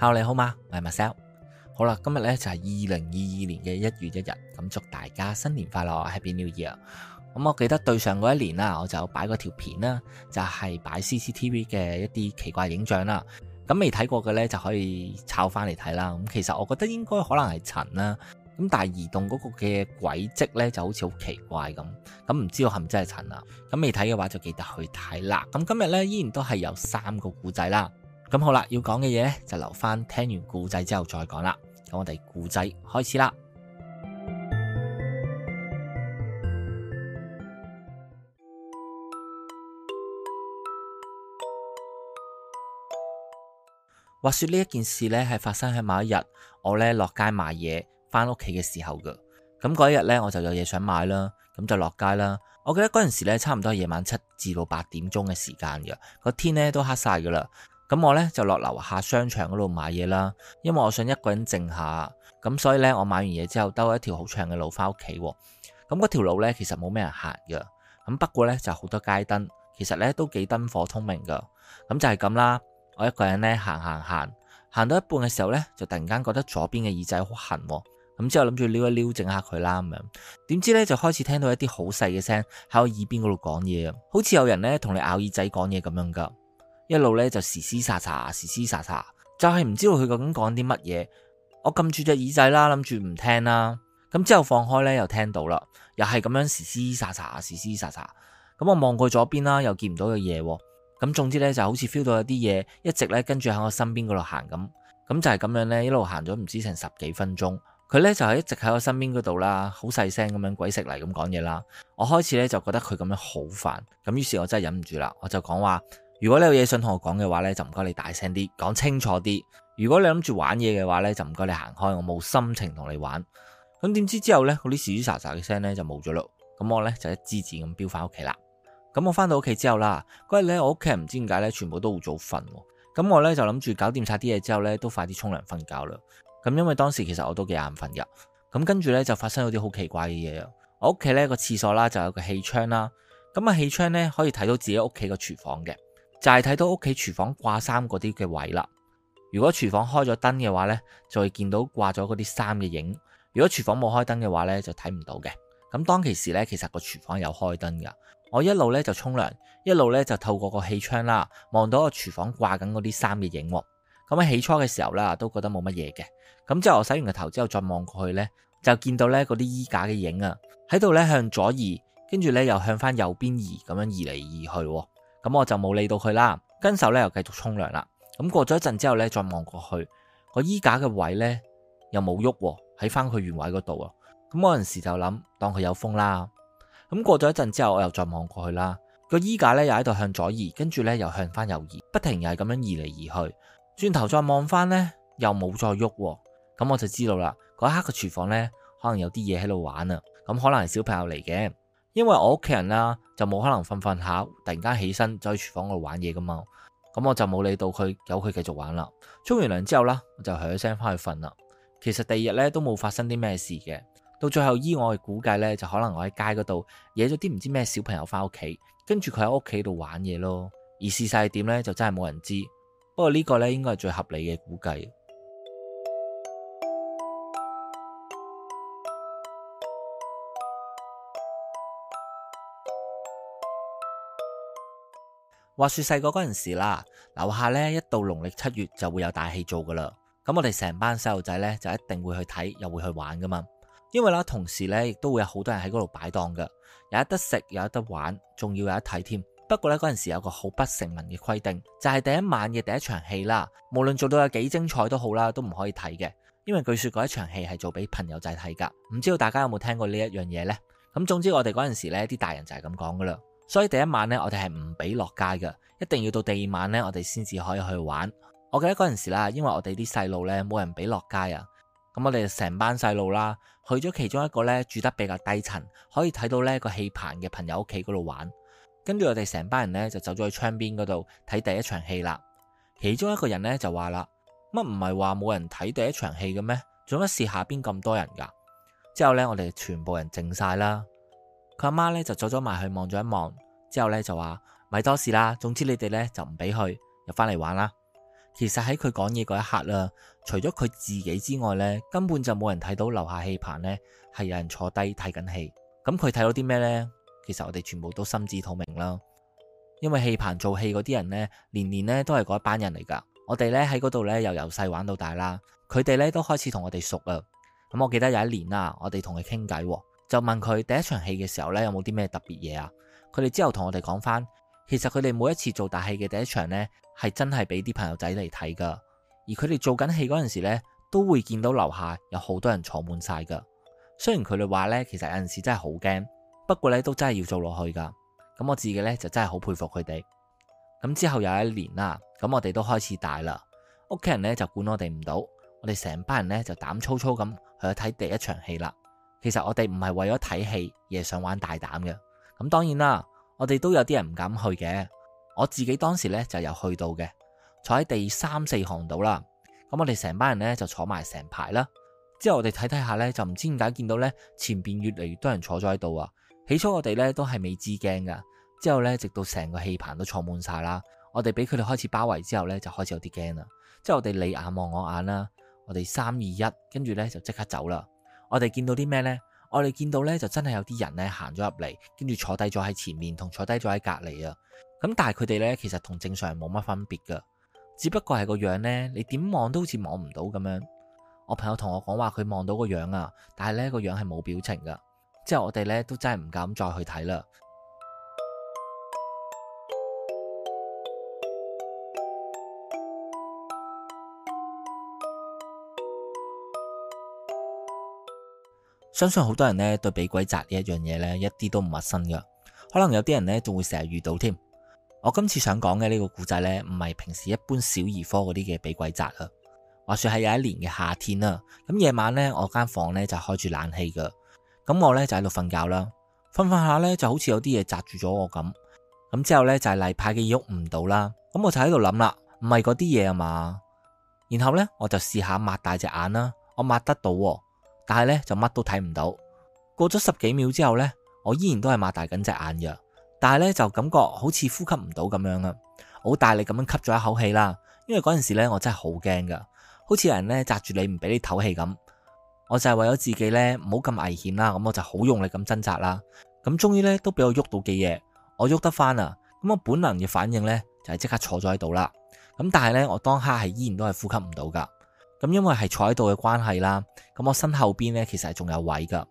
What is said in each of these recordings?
Hello 你好嗎，我係 Marcel。好啦，今日呢就係二零二二年嘅一月一日，咁祝大家新年快樂，Happy New Year。咁、嗯、我記得對上嗰一年啦，我就擺過條片啦，就係、是、擺 CCTV 嘅一啲奇怪影像啦。咁未睇過嘅呢就可以抄翻嚟睇啦。咁、嗯、其實我覺得應該可能係塵啦，咁但係移動嗰個嘅軌跡呢就好似好奇怪咁，咁、嗯、唔知道係咪真係塵啊。咁未睇嘅話就記得去睇啦。咁、嗯、今日呢，依然都係有三個故仔啦。咁好啦，要講嘅嘢呢就留翻聽完故仔之後再講啦。咁我哋故仔開始啦。話說呢一件事呢，係發生喺某一日，我呢落街買嘢，翻屋企嘅時候噶。咁嗰一日呢，我就有嘢想買啦，咁就落街啦。我記得嗰陣時呢，差唔多係夜晚七至到八點鐘嘅時間噶，個天呢都黑晒噶啦。咁我咧就落樓下商場嗰度買嘢啦，因為我想一個人靜下，咁所以咧我買完嘢之後兜一條好長嘅路翻屋企，咁嗰條路咧其實冇咩人行嘅，咁不過咧就好多街燈，其實咧都幾燈火通明噶，咁就係咁啦。我一個人咧行行行，行到一半嘅時候咧就突然間覺得左邊嘅耳仔好痕，咁之後諗住撩一撩整下佢啦咁樣，點知咧就開始聽到一啲好細嘅聲喺我耳邊嗰度講嘢，好似有人咧同你咬耳仔講嘢咁樣噶。一路咧就嘶嘶沙沙，嘶嘶沙沙，就係唔知道佢究竟講啲乜嘢。我撳住隻耳仔啦，諗住唔聽啦。咁之後放開呢，又聽到啦，又係咁樣嘶嘶沙沙，嘶嘶沙沙。咁我望過左邊啦，又見唔到嘅嘢。咁總之呢，就好似 feel 到有啲嘢一直咧跟住喺我身邊嗰度行咁。咁就係咁樣呢，一路行咗唔知成十幾分鐘。佢呢就係一直喺我身邊嗰度啦，好細聲咁樣鬼食嚟咁講嘢啦。我開始呢，就覺得佢咁樣好煩。咁於是我真係忍唔住啦，我就講話。如果你有嘢想同我講嘅話呢，就唔該你大聲啲，講清楚啲。如果你諗住玩嘢嘅話呢，就唔該你行開，我冇心情同你玩。咁點知之後咧，嗰啲嘈嘈嘅聲呢，就冇咗咯。咁我呢，就一支箭咁飆翻屋企啦。咁我翻到屋企之後啦，嗰日咧，我屋企人唔知點解呢，全部都好早瞓。咁我呢，就諗住搞掂晒啲嘢之後呢，都快啲沖涼瞓覺啦。咁因為當時其實我都幾眼瞓噶。咁跟住呢，就發生咗啲好奇怪嘅嘢。我屋企呢個廁所啦，就有個氣窗啦，咁啊氣窗呢，可以睇到自己屋企個廚房嘅。就係睇到屋企廚房掛衫嗰啲嘅位啦。如果廚房開咗燈嘅話呢，就會見到掛咗嗰啲衫嘅影；如果廚房冇開燈嘅話呢，就睇唔到嘅。咁當其時呢，其實個廚房有開燈噶。我一路呢就沖涼，一路呢就透過個氣窗啦，望到個廚房掛緊嗰啲衫嘅影。咁喺起初嘅時候呢，都覺得冇乜嘢嘅。咁之後我洗完個頭之後再望過去呢，就見到呢嗰啲衣架嘅影啊，喺度呢向左移，跟住呢又向翻右邊移，咁樣移嚟移去。咁我就冇理到佢啦，跟手咧又繼續沖涼啦。咁過咗一陣之後咧，再望過去，個衣架嘅位咧又冇喐喎，喺翻佢原位嗰度啊。咁嗰陣時就諗當佢有風啦。咁過咗一陣之後，我又再望過去啦，個衣架咧又喺度向左移，跟住咧又向翻右移，不停又係咁樣移嚟移去。轉頭再望翻咧，又冇再喐。咁我就知道啦，嗰一刻個廚房咧可能有啲嘢喺度玩啊。咁可能係小朋友嚟嘅。因為我屋企人啦，就冇可能瞓瞓下突然間起身走去廚房度玩嘢噶嘛，咁我就冇理到佢，由佢繼續玩啦。沖完涼之後呢，我就響聲翻去瞓啦。其實第二日呢，都冇發生啲咩事嘅。到最後依我嘅估計呢，就可能我喺街嗰度惹咗啲唔知咩小朋友翻屋企，跟住佢喺屋企度玩嘢咯。而事實係點呢？就真係冇人知。不過呢個呢，應該係最合理嘅估計。話說細個嗰陣時啦，樓下呢一到農曆七月就會有大戲做噶啦。咁我哋成班細路仔呢，就一定會去睇，又會去玩噶嘛。因為啦，同時呢，亦都會有好多人喺嗰度擺檔噶，又有得食，又有得玩，仲要有得睇添。不過呢，嗰陣時有個好不成文嘅規定，就係、是、第一晚嘅第一場戲啦，無論做到有幾精彩都好啦，都唔可以睇嘅。因為據說嗰一場戲係做俾朋友仔睇噶，唔知道大家有冇聽過呢一樣嘢呢？咁總之我哋嗰陣時呢啲大人就係咁講噶啦。所以第一晚咧，我哋係唔俾落街嘅，一定要到第二晚咧，我哋先至可以去玩。我記得嗰陣時啦，因為我哋啲細路咧冇人俾落街啊，咁我哋成班細路啦，去咗其中一個咧住得比較低層，可以睇到呢個戲棚嘅朋友屋企嗰度玩。跟住我哋成班人咧就走咗去窗邊嗰度睇第一場戲啦。其中一個人咧就話啦，乜唔係話冇人睇第一場戲嘅咩？做乜事下邊咁多人噶。之後咧，我哋全部人靜晒啦。佢阿媽咧就走咗埋去望咗一望，之後咧就話，咪多事啦，總之你哋咧就唔俾去，又翻嚟玩啦。其實喺佢講嘢嗰一刻啦，除咗佢自己之外咧，根本就冇人睇到樓下戲棚咧係有人坐低睇緊戲。咁佢睇到啲咩呢？其實我哋全部都心知肚明啦。因為戲棚做戲嗰啲人咧，年年咧都係嗰一班人嚟噶。我哋咧喺嗰度咧又由細玩到大啦，佢哋咧都開始同我哋熟啊。咁我記得有一年啦，我哋同佢傾偈。就問佢第一場戲嘅時候呢，有冇啲咩特別嘢啊？佢哋之後同我哋講返，其實佢哋每一次做大戲嘅第一場呢，係真係俾啲朋友仔嚟睇噶。而佢哋做緊戲嗰陣時呢，都會見到樓下有好多人坐滿晒噶。雖然佢哋話呢，其實有陣時真係好驚，不過呢都真係要做落去噶。咁我自己呢，就真係好佩服佢哋。咁之後有一年啦，咁我哋都開始大啦，屋企人呢就管我哋唔到，我哋成班人呢就膽粗粗咁去睇第一場戲啦。其實我哋唔係為咗睇戲，而想玩大膽嘅。咁當然啦，我哋都有啲人唔敢去嘅。我自己當時呢，就有去到嘅，坐喺第三四行度啦。咁我哋成班人呢，就坐埋成排啦。之後我哋睇睇下呢，就唔知點解見到呢，前邊越嚟越多人坐咗喺度啊。起初我哋呢，都係未知驚噶。之後呢，直到成個戲棚都坐滿曬啦，我哋俾佢哋開始包圍之後呢，就開始有啲驚啦。之後我哋你眼望我眼啦，我哋三二一，跟住呢，就即刻走啦。我哋見到啲咩呢？我哋見到呢，就真係有啲人呢，行咗入嚟，跟住坐低咗喺前面同坐低咗喺隔籬啊。咁但係佢哋呢，其實同正常人冇乜分別噶，只不過係個樣呢，你點望都好似望唔到咁樣。我朋友同我講話佢望到個樣啊，但係呢個樣係冇表情噶，之後我哋呢，都真係唔敢再去睇啦。相信好多人咧對俾鬼扎呢一樣嘢咧一啲都唔陌生噶，可能有啲人咧仲會成日遇到添。我今次想講嘅呢個故仔呢唔係平時一般小兒科嗰啲嘅俾鬼扎啦。話說係有一年嘅夏天啦，咁夜晚呢，我間房呢就開住冷氣噶，咁我呢，就喺度瞓覺啦，瞓瞓下呢，就好似有啲嘢扎住咗我咁，咁之後呢，就係例牌嘅喐唔到啦，咁我就喺度諗啦，唔係嗰啲嘢啊嘛，然後呢，我就試下擘大隻眼啦，我擘得到。但係咧就乜都睇唔到，過咗十幾秒之後呢，我依然都係擘大緊隻眼嘅，但係咧就感覺好似呼吸唔到咁樣啊，好大力咁樣吸咗一口氣啦，因為嗰陣時咧我真係好驚噶，好似有人咧紮住你唔俾你透氣咁，我就係為咗自己咧唔好咁危險啦，咁我就好用力咁掙扎啦，咁終於咧都俾我喐到幾嘢，我喐得翻啦，咁我本能嘅反應咧就係即刻坐咗喺度啦，咁但係咧我當刻係依然都係呼吸唔到噶。咁因為係坐喺度嘅關係啦，咁我身後邊呢，其實係仲有位噶。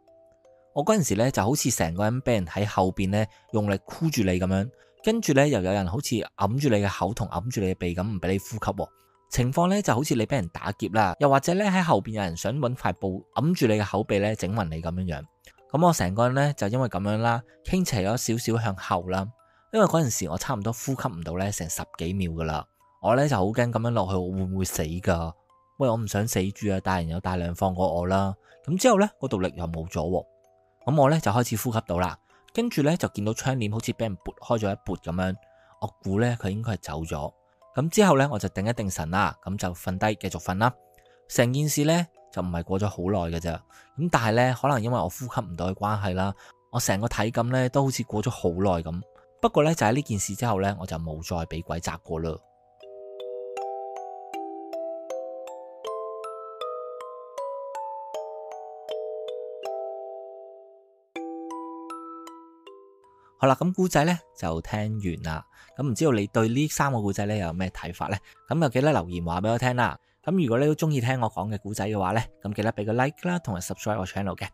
我嗰陣時咧就好似成個人俾人喺後邊呢用力箍住你咁樣，跟住呢又有人好似揞住你嘅口同揞住你嘅鼻咁，唔俾你呼吸。情況呢就好似你俾人打劫啦，又或者呢喺後邊有人想揾塊布揞住你嘅口鼻呢整暈你咁樣樣。咁我成個人呢，就因為咁樣啦，傾斜咗少少向後啦。因為嗰陣時我差唔多呼吸唔到呢成十幾秒噶啦，我呢就好驚咁樣落去會唔會死噶？喂，我唔想死住啊！大人有大量放過我啦。咁之後呢，個毒力又冇咗，咁我呢，就開始呼吸到啦。跟住呢，就見到窗簾好似俾人撥開咗一撥咁樣，我估呢，佢應該係走咗。咁之後呢，我就定一定神啦，咁就瞓低繼續瞓啦。成件事呢，就唔係過咗好耐嘅咋。咁但係呢，可能因為我呼吸唔到嘅關係啦，我成個體感呢都好似過咗好耐咁。不過呢，就喺呢件事之後呢，我就冇再俾鬼壓過啦。好啦，咁古仔呢就聽完啦。咁唔知道你對呢三個古仔呢有咩睇法呢？咁又記得留言話俾我聽啦。咁如果你都中意聽我講嘅古仔嘅話呢，咁記得俾個 like 啦，同埋 subscribe 我 channel 嘅。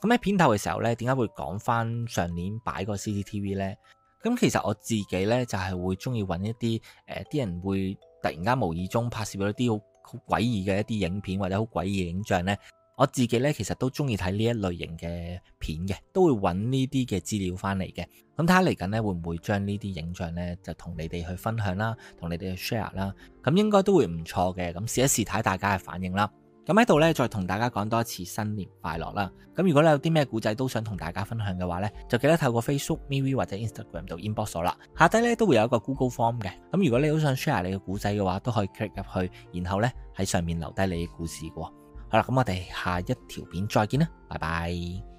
咁喺片頭嘅時候呢，點解會講翻上年擺個 CCTV 呢？咁其實我自己呢，就係、是、會中意揾一啲誒，啲、呃、人會突然間無意中拍攝到一啲好好詭異嘅一啲影片或者好詭異嘅影像呢。我自己咧，其實都中意睇呢一類型嘅片嘅，都會揾呢啲嘅資料翻嚟嘅。咁睇下嚟緊呢，會唔會將呢啲影像呢，就同你哋去分享啦，同你哋去 share 啦。咁應該都會唔錯嘅。咁試一試睇大家嘅反應啦。咁喺度呢，再同大家講多一次新年快樂啦。咁如果你有啲咩古仔都想同大家分享嘅話呢，就記得透過 Facebook、MeWe 或者 Instagram 度 inbox 咗啦。下低呢，都會有一個 Google Form 嘅。咁如果你好想 share 你嘅古仔嘅話，都可以 click 入去，然後呢，喺上面留低你嘅故事嘅。好啦，咁我哋下一條片再見啦，拜拜。